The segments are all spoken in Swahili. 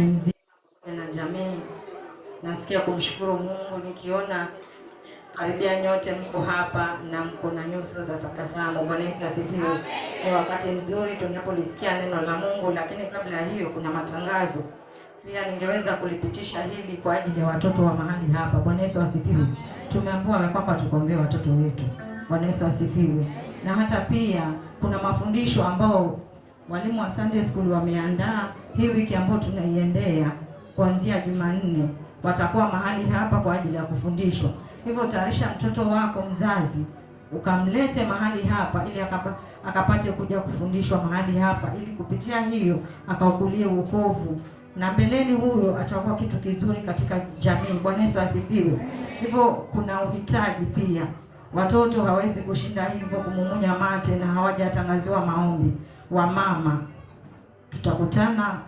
nzima na jamii. Nasikia kumshukuru Mungu nikiona karibia nyote mko hapa na mko na nyuso za tabasamu. Bwana Yesu asifiwe. Ni wakati mzuri tunapolisikia neno la Mungu, lakini kabla ya hiyo kuna matangazo pia. Ningeweza kulipitisha hili kwa ajili ya watoto wa mahali hapa. Bwana Yesu asifiwe. Tumeambiwa kwamba tukombee watoto wetu. Bwana Yesu asifiwe. Na hata pia kuna mafundisho ambao Walimu wa Sunday School wameandaa hii wiki ambayo tunaiendea kuanzia Jumanne, watakuwa mahali hapa kwa ajili ya kufundishwa. Hivyo tayarisha mtoto wako mzazi, ukamlete mahali hapa ili akapa, akapate kuja kufundishwa mahali hapa ili kupitia hiyo akaukulie uokovu na mbeleni huyo atakuwa kitu kizuri katika jamii. Bwana Yesu asifiwe. Hivyo kuna uhitaji pia, watoto hawezi kushinda hivyo kumumunya mate na hawajatangaziwa maombi wa mama. Tutakutana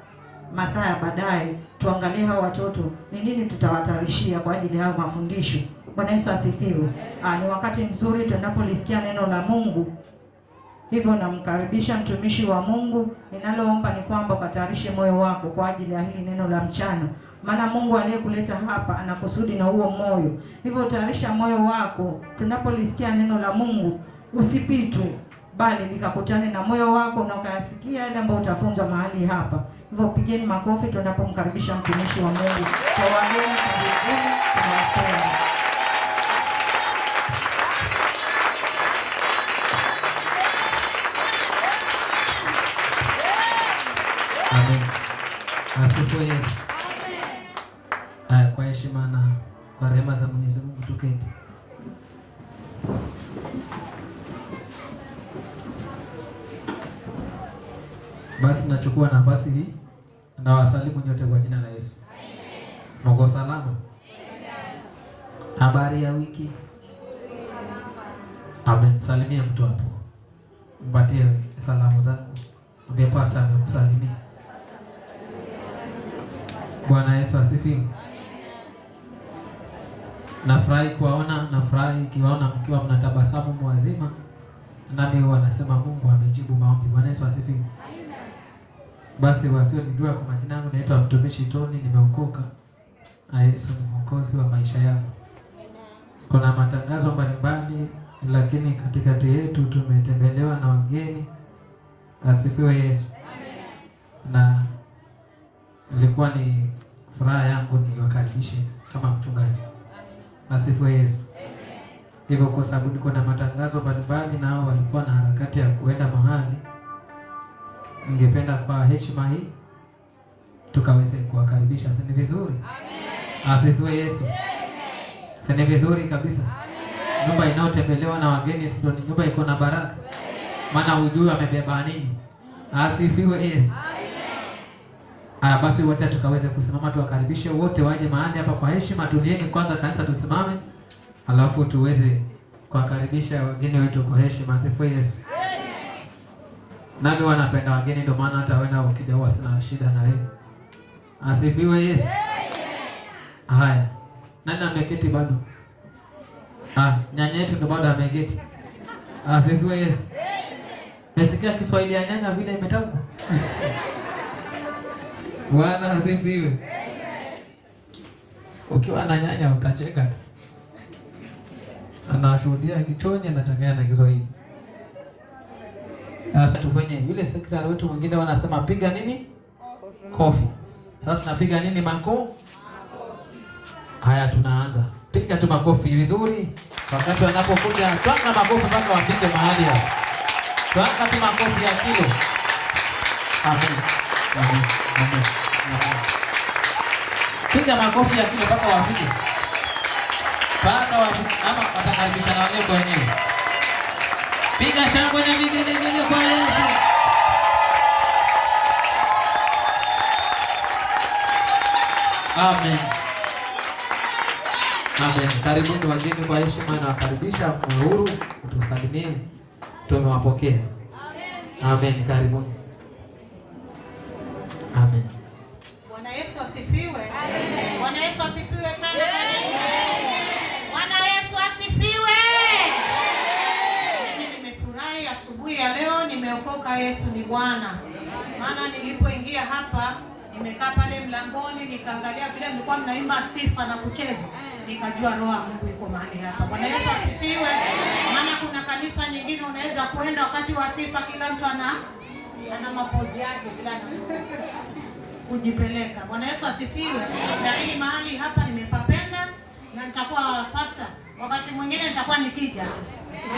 masaa ya baadaye, tuangalie hao watoto ni nini tutawatarishia kwa ajili ya hayo mafundisho. Bwana Yesu asifiwe. Ah, ni wakati mzuri tunapolisikia neno la Mungu. Hivyo namkaribisha mtumishi wa Mungu. Ninaloomba ni kwamba ukatayarishe moyo wako kwa ajili ya hili neno la mchana, maana Mungu aliyekuleta hapa ana kusudi na huo moyo. Hivyo tayarisha moyo wako tunapolisikia neno la Mungu, usipitwe bali nikakutane na moyo wako na ukayasikia yale ambayo utafunzwa mahali hapa. Hivyo pigeni makofi tunapomkaribisha mtumishi wa Mungu. Kwa wageni karibuni, tunawapenda. Amen. Asifiwe Yesu. Amen. Kwa heshima na kwa rehema za Mwenyezi Mungu tuketi. Basi nachukua nafasi hii na wasalimu nyote kwa jina la Yesu. Amen. Mko salama? Habari ya wiki? Amen. Salimia mtu hapo, mpatie salamu zangu, Mbe pastor amekusalimia. Bwana Yesu asifiwe. Nafurahi kuwaona, nafurahi kiwaona mkiwa mnatabasamu mwazima, nami wanasema Mungu amejibu maombi. Bwana Yesu asifiwe. Basi wasionijua kwa majina yangu, naitwa mtumishi Toni, nimeokoka na Yesu ni mwokozi wa maisha yangu. Kuna matangazo mbalimbali, lakini katikati yetu tumetembelewa na wageni. Asifiwe Yesu. Na ilikuwa ni furaha yangu niwakaribishe kama mchungaji. Asifiwe Yesu. Hivyo kwa sababu niko na matangazo mbalimbali, nao walikuwa na harakati ya kuenda mahali Ningependa kwa heshima hii tukaweze kuwakaribisha, si ni vizuri? Asifiwe Yesu, si ni vizuri kabisa? Nyumba inayotembelewa na wageni sio nyumba iko na baraka, maana hujui amebeba nini. Asifiwe Yesu. Aya, basi wote tukaweze kusimama, tuwakaribishe wote waje mahali hapa kwa heshima. Tulieni kwanza kanisa, tusimame, alafu tuweze kuwakaribisha wageni wetu kwa heshima. Asifiwe Yesu nami wanapenda wageni, ndio maana hata wewe na ukija huwa sina shida na wewe. Asifiwe Yesu. Haya, nani ameketi bado? Ah, nyanya yetu ndio bado ameketi. Asifiwe Yesu. Mesikia Kiswahili ya nyanya vile imetamka. Bwana asifiwe. Ukiwa na nyanya utacheka, anashuhudia kichonye na changanya na Kiswahili kwenye yule sekretari wetu mwingine wanasema piga nini kofi. Sasa tunapiga nini mako? Haya, tunaanza piga tu makofi vizuri, wakati wanapokuja twanga makofi mpaka wafike mahali hapo, twanga tu makofi ya kilo. Amen, amen, amen. Piga makofi ya kilo mpaka wafike, mpaka ama watakaribishana wenyewe kwa wenyewe. Piga shangwe na vigelegele kwa Yesu. Amen. Amen. Karibuni wageni kwa heshima na wakaribisha muhuru utusalimie. Tumewapokea. Amen. Amen. Karibuni. Amen. nimeokoka, Yesu ni Bwana. Maana nilipoingia hapa, nimekaa pale mlangoni, nikaangalia vile mlikuwa mnaimba sifa na kucheza, nikajua roho ya Mungu iko mahali hapa. Bwana Yesu asifiwe. Maana kuna kanisa nyingine unaweza kwenda wakati wa sifa, kila mtu ana ana mapozi yake bila kujipeleka. Bwana Yesu asifiwe. Lakini mahali hapa nimepapenda na nitakuwa pastor Wakati mwingine nitakuwa nikija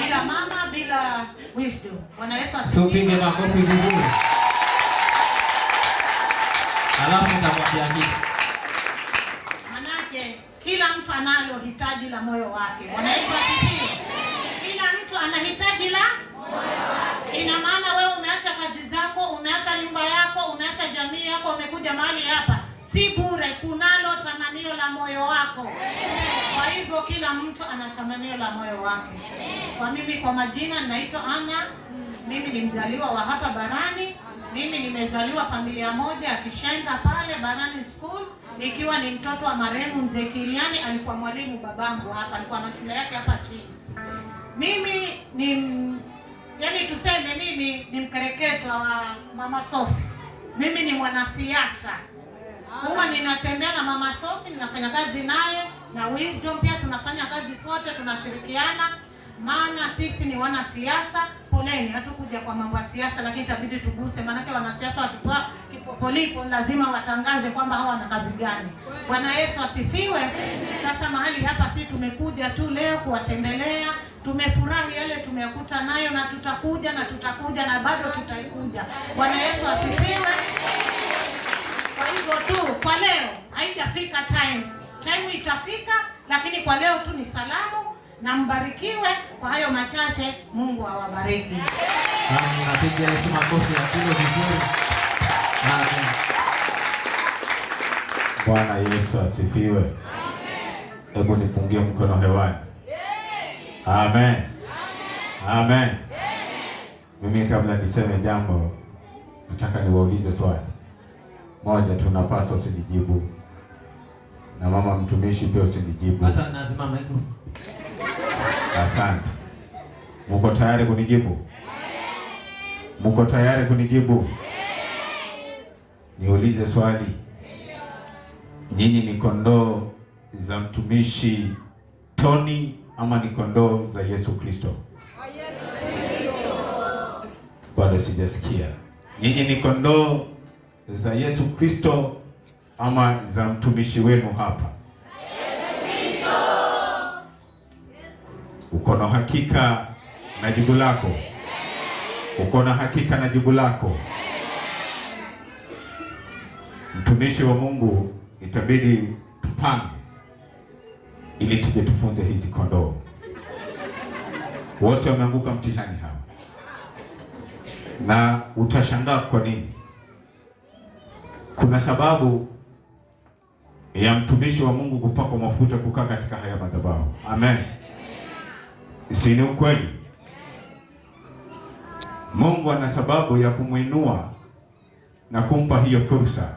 bila mama, bila wisdom. Bwana Yesu asifiwe. Tupige makofi vizuri. Alafu nitakwambia hivi. Manake kila mtu analo hitaji la moyo wake. Bwana Yesu asifiwe. Kila mtu anahitaji la Ina maana wewe umeacha kazi zako, umeacha nyumba yako, umeacha jamii yako, umekuja mahali hapa si bure, kunalo tamanio la moyo wako. Kwa hivyo kila mtu ana tamanio la moyo wake. Kwa mimi, kwa majina naitwa Ana, mimi ni mzaliwa wa hapa Barani. Mimi nimezaliwa familia moja ya Kishenga pale Barani School, ikiwa ni mtoto wa marehemu mzee Kiliani, alikuwa mwalimu babangu hapa, alikuwa na shule yake hapa chini. Mimi ni yani, tuseme mimi ni mkereketo wa mama Sophie. Mimi ni mwanasiasa huwa ninatembea na mama Sophie, ninafanya kazi naye na Wisdom pia tunafanya kazi sote, tunashirikiana maana sisi ni wanasiasa. Poleni, hatukuja kwa mambo ya siasa, lakini itabidi tuguse, maanake wanasiasa wakipoa kipopolipo lazima watangaze kwamba hawa wana kazi gani. Bwana Yesu asifiwe. Sasa mahali hapa si tumekuja tu leo kuwatembelea, tumefurahi yale tumeyakuta nayo, na tutakuja na tutakuja na bado tutakuja. Bwana Yesu asifiwe. Kwa hivyo tu kwa leo haijafika time, time itafika, lakini kwa leo tu ni salamu na mbarikiwe. Kwa hayo machache, Mungu awabariki. Yesu makofi ya kilo vizuri. Bwana Yesu asifiwe. Hebu nipungie mkono hewani. Amen. Amen. Mimi kabla niseme jambo, nataka niwaulize swali moja, tunapaswa usinijibu, na mama mtumishi pia usinijibu. Hata lazima microphone. Asante. Muko tayari kunijibu? Muko tayari kunijibu? Niulize swali, nyinyi ni kondoo za mtumishi Tony ama ni kondoo za Yesu Kristo? Bado sijasikia. Nyinyi ni kondoo za Yesu Kristo ama za mtumishi wenu hapa. Uko na hakika na jibu lako, uko na hakika na jibu lako. Mtumishi wa Mungu, itabidi tupange ili tuje tufunze hizi kondoo. Wote wameanguka mtihani hapa na utashangaa kwa nini kuna sababu ya mtumishi wa Mungu kupakwa mafuta kukaa katika haya madhabahu. Amen, si ni ukweli? Mungu ana sababu ya kumwinua na kumpa hiyo fursa,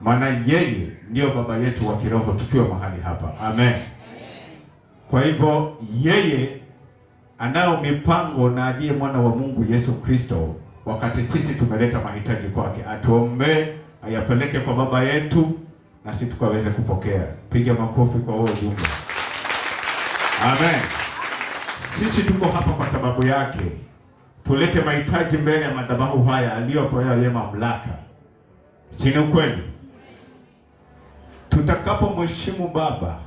maana yeye ndiyo baba yetu wa kiroho tukiwa mahali hapa. Amen. Kwa hivyo yeye anayo mipango na aliye mwana wa Mungu Yesu Kristo, wakati sisi tumeleta mahitaji kwake, atuombee ayapeleke kwa baba yetu na sisi tukaweze kupokea. Piga makofi kwa huo ujumbe. Amen. Sisi tuko hapa kwa sababu yake, tulete mahitaji mbele ya madhabahu haya aliyopewa yeye mamlaka, si ni kweli? Tutakapomheshimu Baba,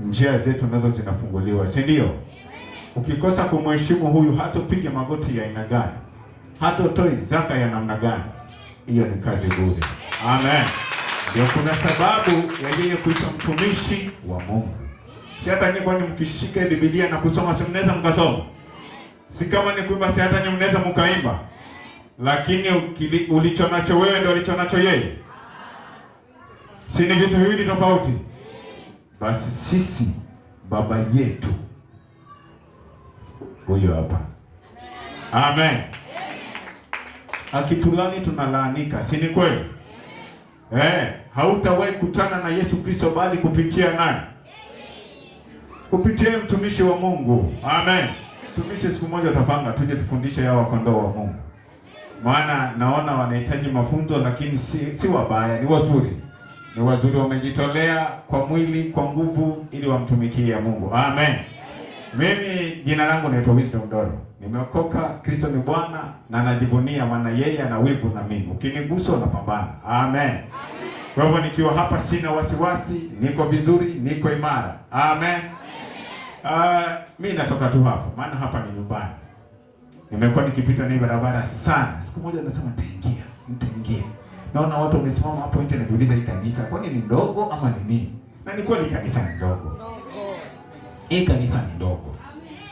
njia zetu nazo zinafunguliwa, si ndio? Ukikosa kumheshimu huyu, hata upige magoti ya aina gani, hata utoe zaka ya namna gani hiyo ni kazi bure. Amen. Ndio kuna sababu yeye kuitwa mtumishi wa Mungu. Si hata nyinyi kwani mkishika Biblia na kusoma si mnaweza mkasoma? Si kama ni kuimba si hata nyinyi mnaweza mkaimba. Lakini ulicho nacho wewe ndio ulicho nacho yeye. Si ni vitu viwili tofauti? Basi sisi baba yetu huyo hapa. Amen akitulani tunalaanika, si ni kweli? Eh, hautawahi kutana na Yesu Kristo bali kupitia nani? Kupitia mtumishi wa Mungu. Amen. Tumishe siku moja utapanga tuje tufundishe hawa kondoo wa Mungu, maana naona wanahitaji mafunzo, lakini si, si wabaya, ni wazuri, ni wazuri, wamejitolea kwa mwili, kwa nguvu, ili wamtumikie Mungu. Amen. Mimi Jina langu naitwa Wisdom Doro, nimeokoka. Kristo ni Bwana na najivunia, maana yeye ana wivu na mimi. Ukinigusa unapambana. Amen, amen. Kwa hivyo nikiwa hapa sina wasiwasi, niko vizuri, niko imara. Amen, amen. Uh, mi natoka tu hapo, maana hapa ni nyumbani. Nimekuwa nikipita na barabara sana, siku moja nasema nitaingia, nitaingia. Naona watu wamesimama hapo nje, najiuliza hii kanisa kwani ni ndogo ama ni nini? Na ni kweli kanisa ni ndogo, hii kanisa ni ndogo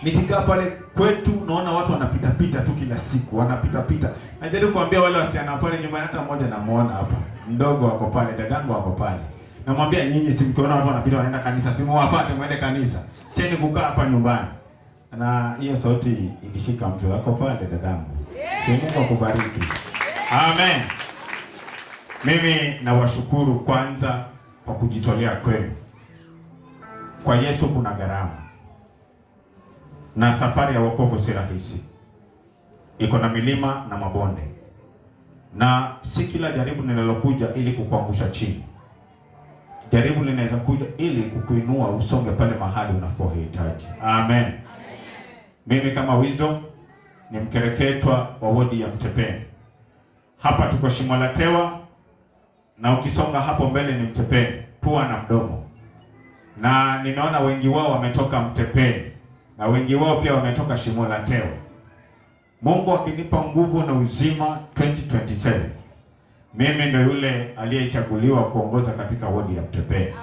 Nikikaa pale kwetu naona watu wanapita pita tu kila siku, wanapita pita. Najaribu kuambia wale wasichana pale nyuma, hata mmoja namuona hapa. Mdogo wako pale, dadangu wako pale. Namwambia nyinyi simkiona watu wanapita wanaenda kanisa, simuwapate mwende kanisa. Cheni kukaa hapa nyumbani. Na hiyo sauti ilishika mtu wako pale dadangu. Si Mungu akubariki. Amen. Mimi nawashukuru kwanza kwa kujitolea kwenu. Kwa Yesu kuna gharama na safari ya wokovu si rahisi, iko na milima na mabonde, na si kila jaribu linalokuja ili kukuangusha chini. Jaribu linaweza kuja ili kukuinua usonge pale mahali unapohitaji. Amen. Amen. Mimi kama Wisdom ni mkereketwa wa wodi ya Mtepeni. Hapa tuko tewa na ukisonga hapo mbele ni Mtepeni, pua na mdomo, na ninaona wengi wao wametoka Mtepeni na wengi wao pia wametoka shimo la teo. Mungu akinipa nguvu na uzima 2027 mimi ndo yule aliyechaguliwa kuongoza katika wodi ya Mtepee.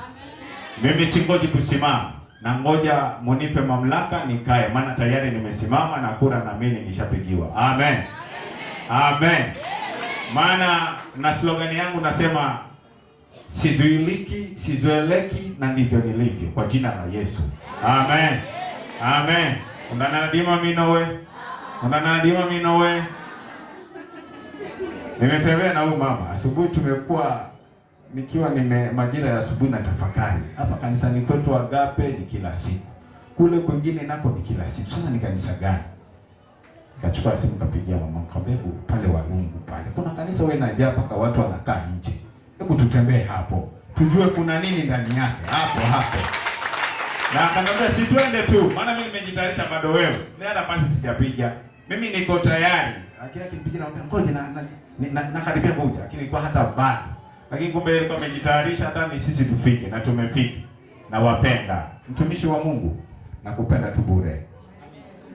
Mimi singoji kusimama na ngoja munipe mamlaka nikae, maana tayari nimesimama na kura na mimi nishapigiwa. Amen, amen, Maana na slogani yangu nasema sizuiliki, sizoeleki na ndivyo nilivyo kwa jina la Yesu. Amen. ఆమె ఉండాలన్నదీమా మీ నవ్వే unanadima mino we nimetembea na huyu mama asubuhi, tumekuwa nikiwa nime majira ya asubuhi na tafakari hapa kanisani kwetu Agape ni kila siku, kule kwingine nako ni kila siku. Sasa ni kanisa gani? Nikachukua simu nikapigia mama Kabebu pale Mungu pale, kuna kanisa wewe najaa mpaka watu wanakaa nje. Hebu tutembee hapo tujue kuna nini ndani yake hapo hapo na akanambia si twende tu, maana mimi nimejitayarisha bado wewe. Mimi hata pasi sijapiga. Mimi niko tayari. Lakini akinipiga naambia ngoja na na nakaribia kuja, lakini ilikuwa hata bado. Lakini kumbe alikuwa amejitayarisha hata ni sisi tufike na tumefika. Na wapenda. Mtumishi wa Mungu nakupenda tu bure.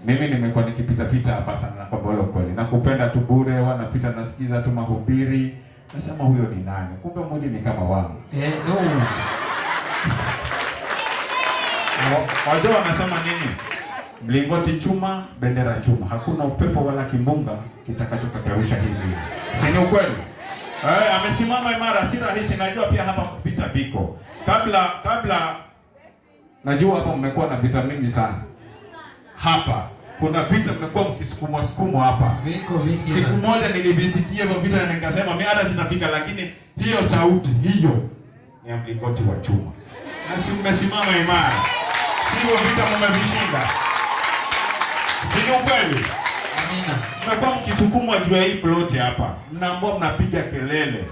Mimi nimekuwa nikipita pita hapa sana na kwamba ule kweli. Nakupenda tu bure, wanapita nasikiza tu mahubiri. Nasema huyo ni nani? Kumbe mwili ni kama wangu. Eh, no. Wajua wanasema nini? Mlingoti chuma, bendera chuma. Hakuna upepo wala kimbunga kitakachopeperusha hivi. Si ni ukweli? Eh, amesimama imara, si rahisi. Najua pia hapa vita viko. Kabla kabla, najua hapa mmekuwa na vita mingi sana. Hapa kuna vita mmekuwa mkisukumwa sukumwa hapa. Viko vingi. Siku moja nilivisikia hivyo vita na nikasema mimi hata sitafika, lakini hiyo sauti hiyo ni ya mlingoti wa chuma. Na si mmesimama imara sivyo vita mmevishinda, si ni ukweli? Mmekuwa mkisukumwa juu ya hii ploti hapa, mnaambua mnapiga kelele,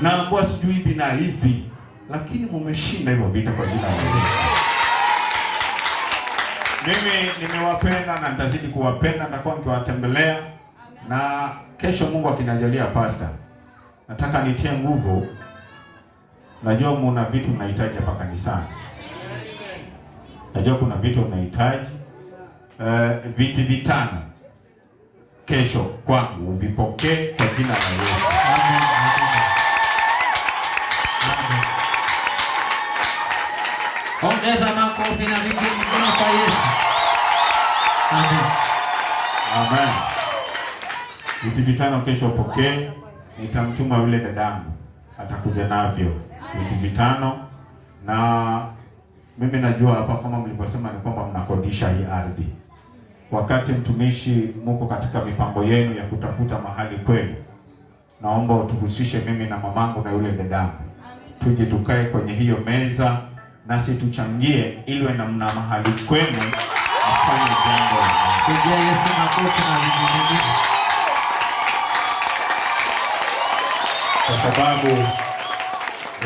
mnaambua sijui hivi na hivi, lakini mumeshinda hivyo vita kwa jina la Yesu. Mimi nimewapenda na nitazidi kuwapenda, nitakuwa nikiwatembelea, na kesho Mungu akinajalia pasta, nataka nitie nguvu. Najua muna vitu mnahitaji hapa kanisani. Najua kuna vitu unahitaji. Uh, viti vitano kesho kwangu vipokee kwa jina la Yesu. Amen. Ongeza makofi na kwa Yesu. Amen. Viti vitano kesho upokee. Nitamtuma yule dadangu atakuja navyo viti vitano na mimi najua hapa kama mlivyosema ni kwamba mnakodisha hii ardhi. Wakati mtumishi, muko katika mipango yenu ya kutafuta mahali kwenu, naomba utuhusishe mimi na mamangu na yule dadangu, tuje tukae kwenye hiyo meza nasi tuchangie ilwe namna mahali kwenu afanye jambo kwa sababu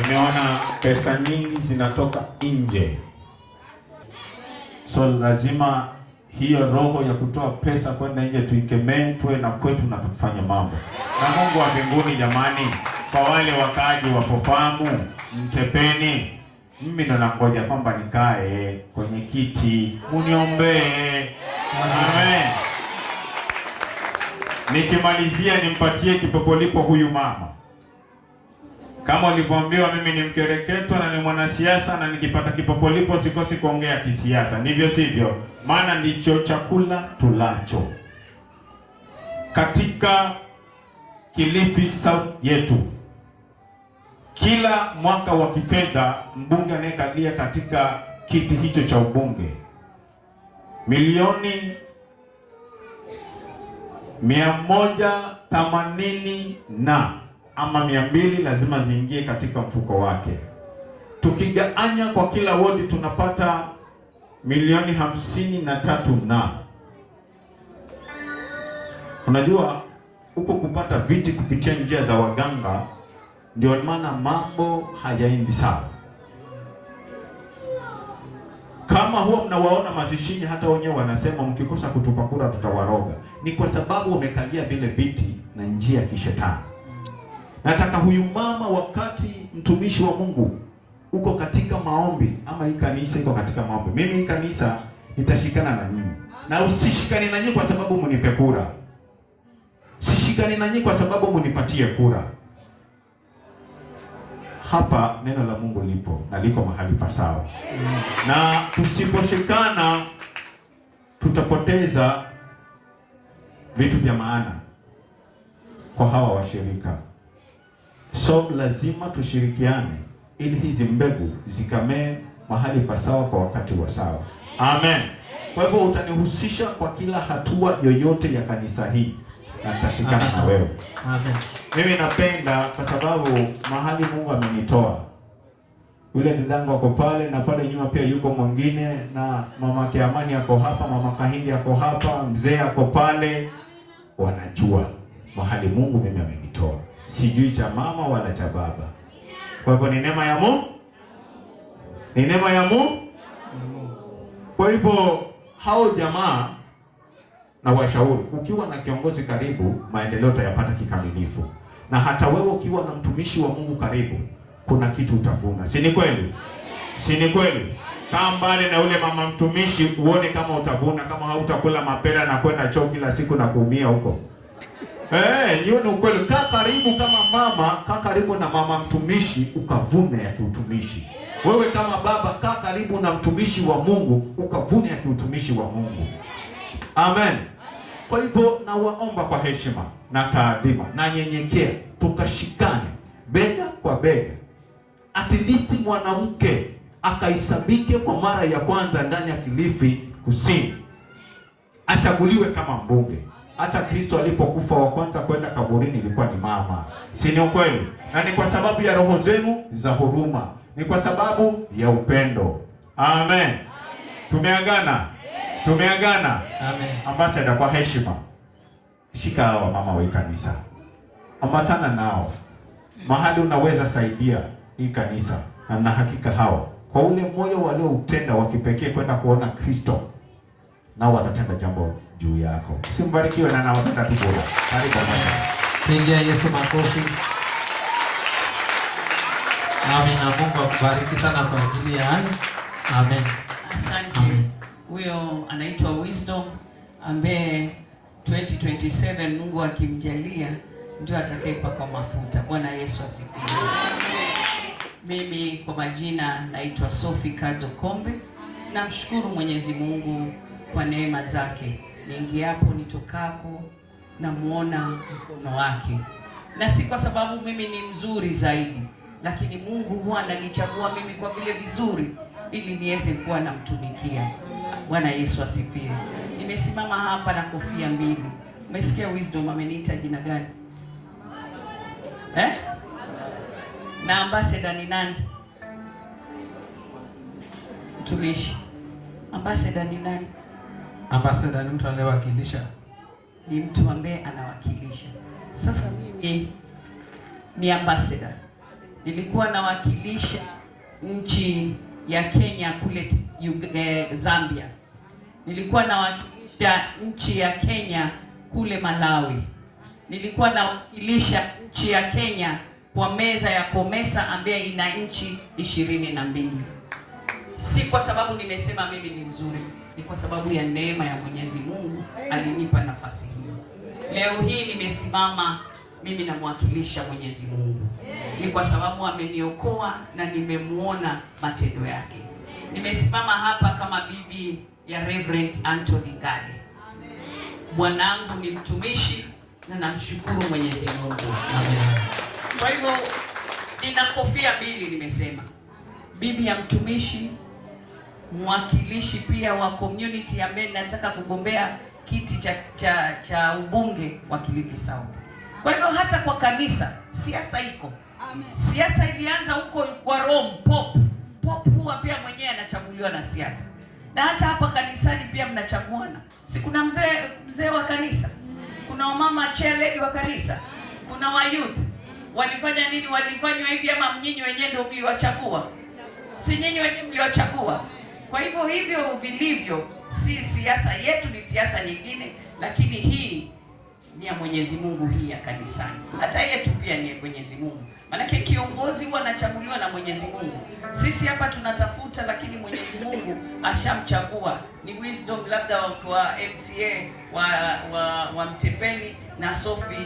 Nimeona pesa nyingi zinatoka nje, so lazima hiyo roho ya kutoa pesa kwenda nje tuikemee, tuwe na kwetu na tufanye mambo na Mungu wa mbinguni. Jamani, kwa wale wakaaji wa Fofamu, Mtepeni, mimi ndo nangoja kwamba nikae kwenye kiti muniombee. Amen. Nikimalizia nimpatie kipopolipo huyu mama kama ulivyoambiwa, mimi ni mkereketwa na ni mwanasiasa, na nikipata kipopolipo sikosi kuongea kisiasa, ndivyo sivyo? Maana ndicho chakula tulacho katika Kilifi South yetu. Kila mwaka wa kifedha, mbunge anayekalia katika kiti hicho cha ubunge milioni mia moja themanini na ama mia mbili lazima ziingie katika mfuko wake. tukigaanya kwa kila wodi tunapata milioni hamsini na tatu na unajua huko kupata viti kupitia njia za waganga, ndio maana mambo hayaendi sawa. Kama huwa mnawaona mazishini, hata wenyewe wanasema mkikosa kutupa kura tutawaroga, ni kwa sababu umekalia vile viti na njia kishetani. Nataka huyu mama, wakati mtumishi wa Mungu uko katika maombi, ama hii kanisa iko katika maombi, mimi hii kanisa nitashikana na nyinyi, na usishikane na nyinyi kwa sababu mnipe kura, sishikane na nyinyi kwa sababu mnipatie kura. Hapa neno la Mungu lipo na liko mahali pasawa, na tusiposhikana tutapoteza vitu vya maana kwa hawa washirika. So lazima tushirikiane ili hizi mbegu zikamee mahali pasawa kwa wakati wa sawa. Amen. Kwa hivyo utanihusisha kwa kila hatua yoyote ya kanisa hii na nitashikana na wewe. Amen. Mimi napenda kwa sababu mahali Mungu amenitoa yule ndango ako pale na pale nyuma pia yuko mwingine, na mama Kiamani ako hapa, mama Kahindi ako hapa, mzee ako pale, wanajua mahali Mungu mimi amenitoa sijui cha mama wala cha baba. Kwa hivyo ni neema ya Mungu, ni neema ya Mungu. Kwa hivyo hao jamaa na washauri, ukiwa na kiongozi karibu, maendeleo utayapata kikamilifu, na hata wewe ukiwa na mtumishi wa Mungu karibu, kuna kitu utavuna, si ni kweli? Si ni kweli? Kaa mbali na ule mama mtumishi, uone kama utavuna, kama hautakula mapera na kwenda choo kila siku na kuumia huko. Eh, hiyo ni ukweli. Kaa karibu kama mama, kaa karibu na mama mtumishi, ukavune ya kiutumishi. Wewe kama baba, kaa karibu na mtumishi wa Mungu, ukavune ya kiutumishi wa Mungu. Amen. Kwa hivyo nawaomba kwa heshima na taadhima na nyenyekea, tukashikane bega kwa bega, at least mwanamke akaisabike kwa mara ya kwanza ndani ya Kilifi Kusini, achaguliwe kama mbunge hata Kristo alipokufa wa kwanza kwenda kaburini ilikuwa ni mama, si ni ukweli? Na ni kwa sababu ya roho zenu za huruma, ni kwa sababu ya upendo. Amen, amen. Tumeagana, yes. Tumeagana, yes. Ambasada, kwa heshima, shika hawa mama wa kanisa, ambatana nao mahali unaweza saidia hii kanisa, na na hakika hawa kwa ule moyo walioutenda wa kipekee kwenda kuona Kristo, nao watatenda jambo juu yako. Simbarikiwe na nawataka tu bora. Karibu sana. Pigia Yesu makofi. Amen. Na Mungu akubariki sana kwa ajili ya hayo. Amen. Asante. Huyo anaitwa Wisdom ambaye 2027 Mungu akimjalia ndio kwa mafuta. Bwana Yesu asifiwe. Mimi kwa majina naitwa Sophie Kadzo Kombe. Namshukuru Mwenyezi Mungu kwa neema zake niingiapo nitokako, namwona mkono wake, na si kwa sababu mimi ni mzuri zaidi, lakini Mungu huwa ananichagua mimi kwa vile vizuri, ili niweze kuwa namtumikia. Bwana Yesu asifiwe. Nimesimama hapa na kofia mbili. Umesikia Wisdom ameniita jina gani eh? na ambassador ni nani? Mtumishi, ambassador ni nani? Ambassador ni mtu anayewakilisha, ni mtu ambaye anawakilisha. Sasa mimi ni ambassador, nilikuwa nawakilisha nchi ya Kenya kule eh, Zambia, nilikuwa nawakilisha nchi ya Kenya kule Malawi, nilikuwa nawakilisha nchi ya Kenya kwa meza ya COMESA ambaye ina nchi ishirini na mbili. Si kwa sababu nimesema mimi ni mzuri ni kwa sababu ya neema ya Mwenyezi Mungu alinipa nafasi hii Leo hii nimesimama mimi namwakilisha Mwenyezi Mungu, ni kwa sababu ameniokoa na nimemuona matendo yake. Nimesimama hapa kama bibi ya Reverend Anthony gade mwanangu ni mtumishi na namshukuru Mwenyezi Mungu. Kwa hivyo nina kofia mbili, nimesema bibi ya mtumishi mwakilishi pia wa community ambaye nataka kugombea kiti cha, cha, cha ubunge wa Kilifi South. Kwa hivyo hata kwa kanisa siasa iko. Siasa ilianza huko kwa Rome Pop. Pop huwa pia mwenyewe anachaguliwa na siasa. Na hata hapa kanisani pia mnachaguana. Si kuna mzee mzee wa kanisa, kuna wamama chairlady wa kanisa, kuna youth. Walifanya nini? Walifanywa hivi ama nyinyi wenyewe ndio mliwachagua? Si nyinyi wenyewe mliwachagua? Kwa hivyo hivyo vilivyo, si siasa yetu, ni siasa nyingine, lakini hii ni ya Mwenyezi Mungu, hii ya kanisani, hata yetu pia ni ya Mwenyezi Mungu, maanake kiongozi huwa anachaguliwa na Mwenyezi Mungu. Sisi hapa tunatafuta, lakini Mwenyezi Mungu ashamchagua. Ni wisdom labda wa MCA wa wa, wa Mtepeni na Sofi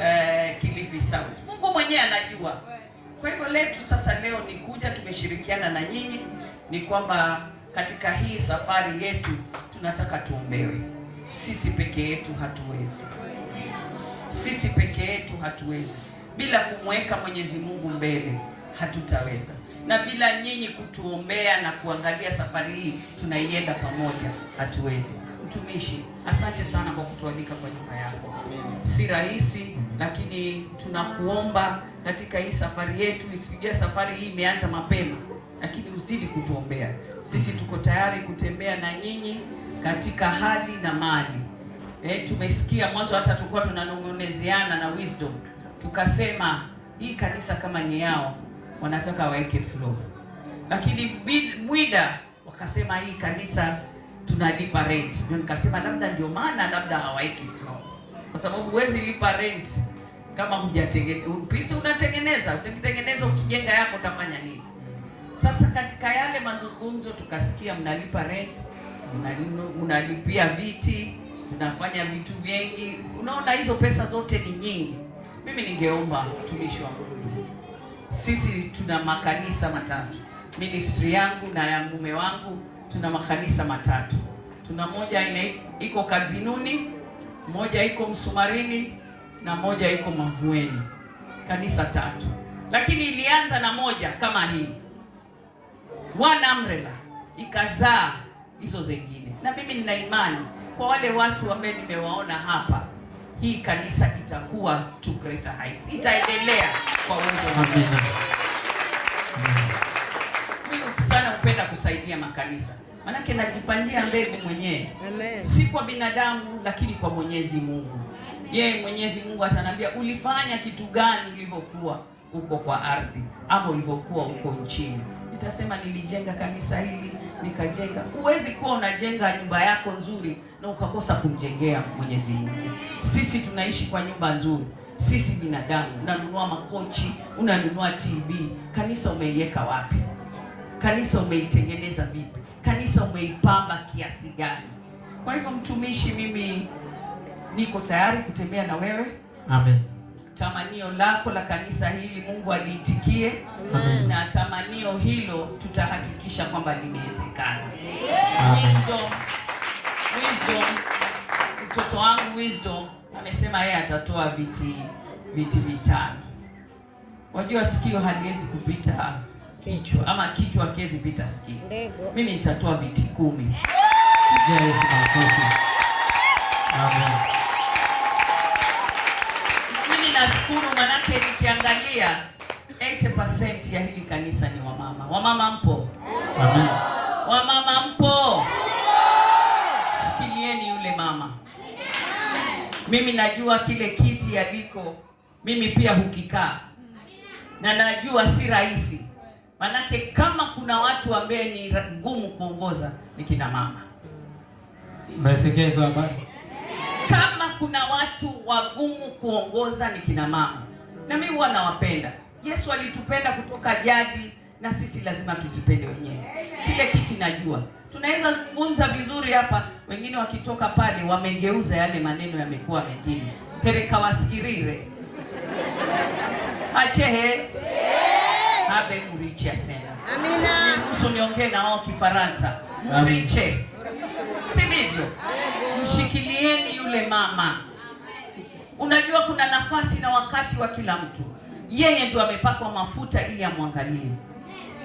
eh, Kilifi Sound. Mungu mwenyewe anajua. Kwa hivyo letu sasa leo ni kuja, tumeshirikiana na nyinyi, ni kwamba katika hii safari yetu tunataka tuombewe. Sisi peke yetu hatuwezi, sisi peke yetu hatuwezi. Bila kumweka Mwenyezi Mungu mbele hatutaweza, na bila nyinyi kutuombea na kuangalia safari hii tunaienda pamoja, hatuwezi. Mtumishi, asante sana kwa kutualika kwa nyumba yako, si rahisi, lakini tunakuomba katika hii safari yetu, isije safari hii imeanza mapema lakini uzidi kutuombea sisi. Tuko tayari kutembea na nyinyi katika hali na mali. E, tumesikia mwanzo hata tulikuwa tunanong'onezeana na Wisdom, tukasema hii kanisa kama ni yao wanataka waweke flow, lakini mwida wakasema hii kanisa tunalipa rent. Ndio nikasema labda ndio maana labda hawaweki flow, kwa sababu huwezi lipa rent kama hujatengeneza. unatengeneza, ukitengeneza ukijenga yako utafanya nini? Sasa katika yale mazungumzo tukasikia mnalipa rent, mnalipia viti, tunafanya vitu vingi. Unaona hizo pesa zote ni nyingi. Mimi ningeomba mtumishi wa Mungu, sisi tuna makanisa matatu, ministry yangu na ya mume wangu, tuna makanisa matatu. Tuna moja ina iko Kazinuni, moja iko Msumarini na moja iko Mavueni, kanisa tatu, lakini ilianza na moja kama hii one umbrella ikazaa hizo zingine. Na mimi nina imani kwa wale watu ambao nimewaona hapa, hii kanisa itakuwa to greater heights, itaendelea kwa uwezo. Mimi sana upenda kusaidia makanisa, manake najipandia mbegu mwenyewe, si kwa binadamu, lakini kwa Mwenyezi Mungu. Yeye Mwenyezi Mungu ataniambia ulifanya kitu gani ulivyokuwa uko kwa ardhi ama ulivyokuwa uko nchini utasema nilijenga kanisa hili nikajenga. Huwezi kuwa unajenga nyumba yako nzuri na ukakosa kumjengea Mwenyezi Mungu. Sisi tunaishi kwa nyumba nzuri, sisi binadamu. Unanunua makochi, unanunua TV, kanisa umeiweka wapi? Kanisa umeitengeneza vipi? Kanisa umeipamba kiasi gani? Kwa hivyo, mtumishi, mimi niko tayari kutembea na wewe. Amen tamanio lako la kanisa hili Mungu aliitikie, na tamanio hilo tutahakikisha kwamba limewezekana. Wisdom, Wisdom, mtoto wangu Wisdom amesema yeye atatoa viti viti vitano. Wajua sikio haliwezi kupita kichwa ama kichwa kiwezi pita sikio. Mimi nitatoa viti kumi. Amen. nashukuru manake nikiangalia 80% ya hili kanisa ni wamama. Wamama mpo? Amen. Wamama mpo? Shikilieni yule mama. Mimi najua kile kiti yaliko, mimi pia hukikaa na najua si rahisi, manake kama kuna watu ambaye ni ngumu kuongoza ni kina mama. Mmesikia hizo habari? kuna watu wagumu kuongoza ni kina mama, na mimi huwa nawapenda. Yesu alitupenda kutoka jadi, na sisi lazima tujipende wenyewe. Kile kiti najua tunaweza zungumza vizuri hapa, wengine wakitoka pale wamengeuza yale maneno, yamekuwa mengine pereka wasikirire achehe habe muriche asena amina. Niruhusu niongee na wao Kifaransa, muriche, si ndivyo? Mshikilieni yule mama. Unajua kuna nafasi na wakati wa kila mtu, yeye ndio amepakwa mafuta ili amwangalie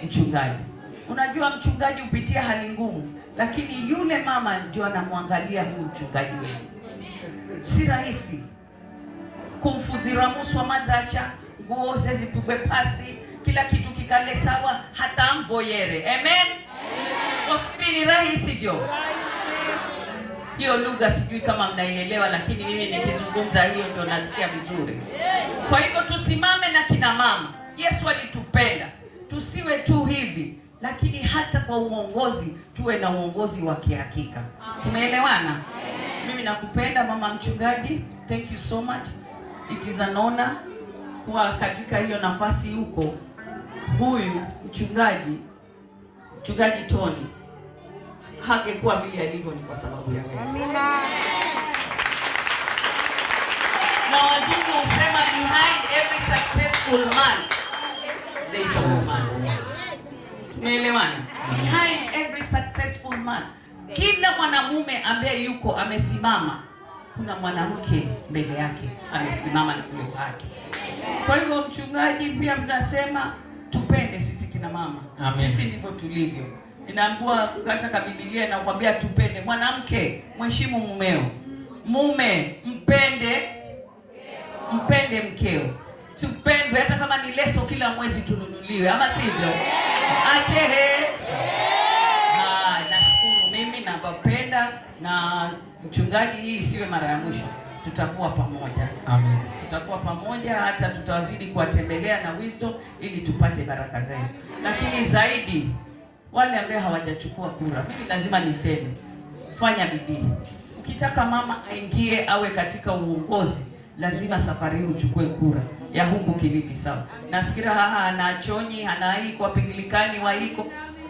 mchungaji. Unajua mchungaji hupitia hali ngumu, lakini yule mama ndio anamwangalia huyu mchungaji wenu. Si rahisi muswa mazacha, nguo zipigwe pasi, kila kitu kikale sawa, hata mvoyere. Amen, amen. Wafikiri ni rahisi jo? Hiyo lugha sijui kama mnaielewa, lakini mimi nikizungumza hiyo ndio nasikia vizuri. Kwa hivyo tusimame na kina mama. Yesu alitupenda, tusiwe tu hivi, lakini hata kwa uongozi tuwe na uongozi wa kihakika. Tumeelewana? Mimi nakupenda mama mchungaji, thank you so much. It is an honor kuwa katika hiyo nafasi huko. Huyu mchungaji mchungaji Tony hangekuwa vile alivyo, ni kwa sababu ya wewe. Amina. Na wazungu husema behind every successful man there is a woman. Tumeelewana? Behind every successful man, kila mwanamume ambaye yuko amesimama, kuna mwanamke mbele yake amesimama na kule kwake. Kwa hivyo, mchungaji, pia mnasema tupende sisi kina mama. Amen. Sisi ndivyo tulivyo ninaambiwa kata kwa Biblia inakwambia tupende. Mwanamke mheshimu mumeo, mume mpende, mpende mkeo, tupendwe. Hata kama ni leso kila mwezi tununuliwe, ama sivyo? Achehe, nashukuru mimi nabapenda na mchungaji, hii isiwe mara ya mwisho. Tutakuwa pamoja. Amen. Tutakuwa pamoja hata tutawazidi kuwatembelea na wisdom ili tupate baraka zenu, lakini zaidi wale ambao hawajachukua kura, mimi lazima niseme, fanya bidii. Ukitaka mama aingie awe katika uongozi, lazima safari hii uchukue kura ya huku Kilifi. Sawa nasikira haha anachonyi hanaiko apingilikani waiko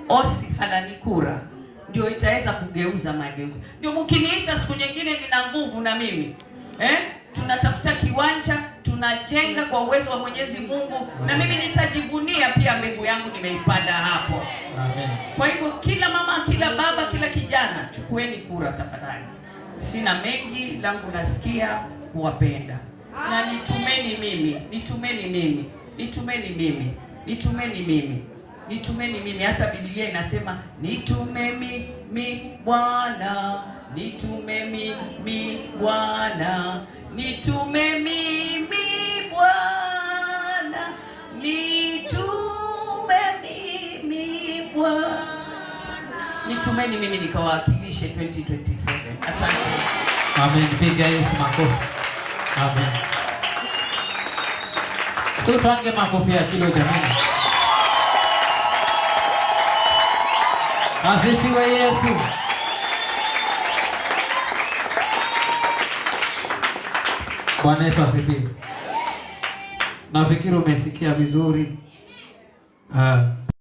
osi halani kura ndio itaweza kugeuza mageuzi. Ndio mkiniita siku nyingine nina nguvu na mimi eh? tunatafuta kiwanja, tunajenga kwa uwezo wa Mwenyezi Mungu, na mimi nitajivunia pia mbegu yangu nimeipanda hapo. Kwa hivyo kila mama, kila baba, kila kijana, chukueni fura tafadhali. Sina mengi, langu nasikia kuwapenda, na nitumeni mimi, nitumeni mimi, nitumeni mimi, nitumeni mimi nitumeni mimi. Hata Biblia inasema nitume mimi Bwana nitume mimi Bwana, nitume mimi Bwana, nitume mimi Bwana, nitumeni mimi nikawakilishe 2027. Asante, amen. Piga Yesu makofi, amen. So tuange makofi ya kilo jamani. Asifiwe Yesu. Bwana Yesu asifiwe. Nafikiri umesikia vizuri. Ah.